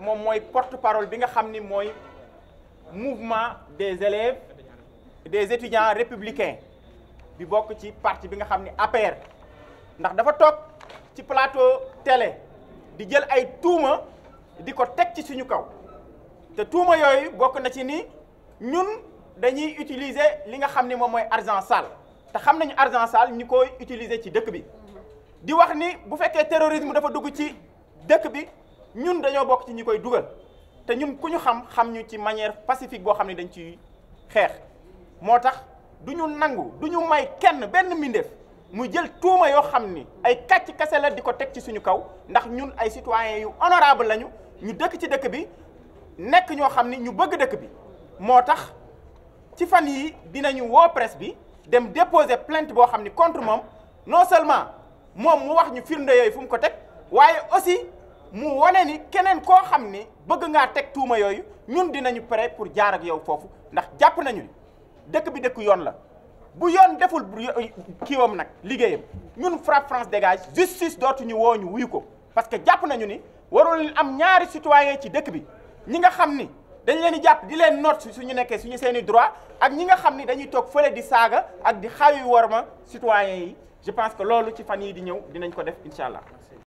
moom mooy porte parole bi nga xam ni mooy mouvement des élèves des étudiants républicain bi bokk ci parti bi nga xam ni APR ndax dafa toog ci plateau télé di jël ay tuuma di ko teg ci suñu kaw te tuuma yooyu bokk na ci ni ñun dañuy utiliser li nga xam ni moom mooy argent sale te xam nañu argent sale ñu koy utiliser ci dëkk bi di wax ni bu fekkee terrorisme dafa dugg ci dëkk bi ñun dañoo bokk ci ñu koy dugal te ñun ku ñu xam xam ñu ci manière pacifique boo xam ne dañu ci xeex moo tax du ñu nangu du ñu may kenn benn mbindeef mu jël tuuma yoo xam ni ay kàcc kase la di ko teg ci suñu kaw ndax ñun ay citoyens yu honorable lañu ñu dëkk ci dëkk bi nekk ñoo xam ni ñu bëgg dëkk bi moo tax ci fan yi dinañu woo presse bi dem déposer plainte boo xam ni contre moom non seulement moom mu wax ñu firnde yooyu fu mu ko teg waaye aussi mu wane ni keneen koo xam ne bëgg ngaa teg tuuma yooyu ñun dinañu pare pour jaar ak yow foofu ndax jàpp nañu ni dëkk bi dëkk yoon la bu yoon deful kiiwam nag liggéeyam ñun FRAPP France dégage justice dootuñu woo ñu wuyu ko parce que jàpp nañu ni warul am ñaari citoyen ci dëkk bi ñi nga xam ni dañu leen di jàpp di leen noot suñu nekkee suñu seen i droit ak ñi nga xam ni dañuy toog fële di saaga ak di xawi war ma citoyen yi je pense que loolu ci fan yii di ñëw dinañ ko def incha allah